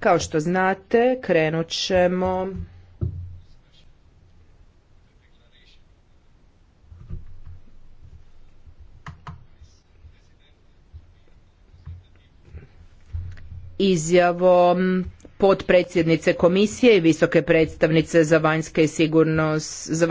Kao što znate, krenut ćemo izjavom potpredsjednice komisije i visoke predstavnice za vanjske i sigurnost, za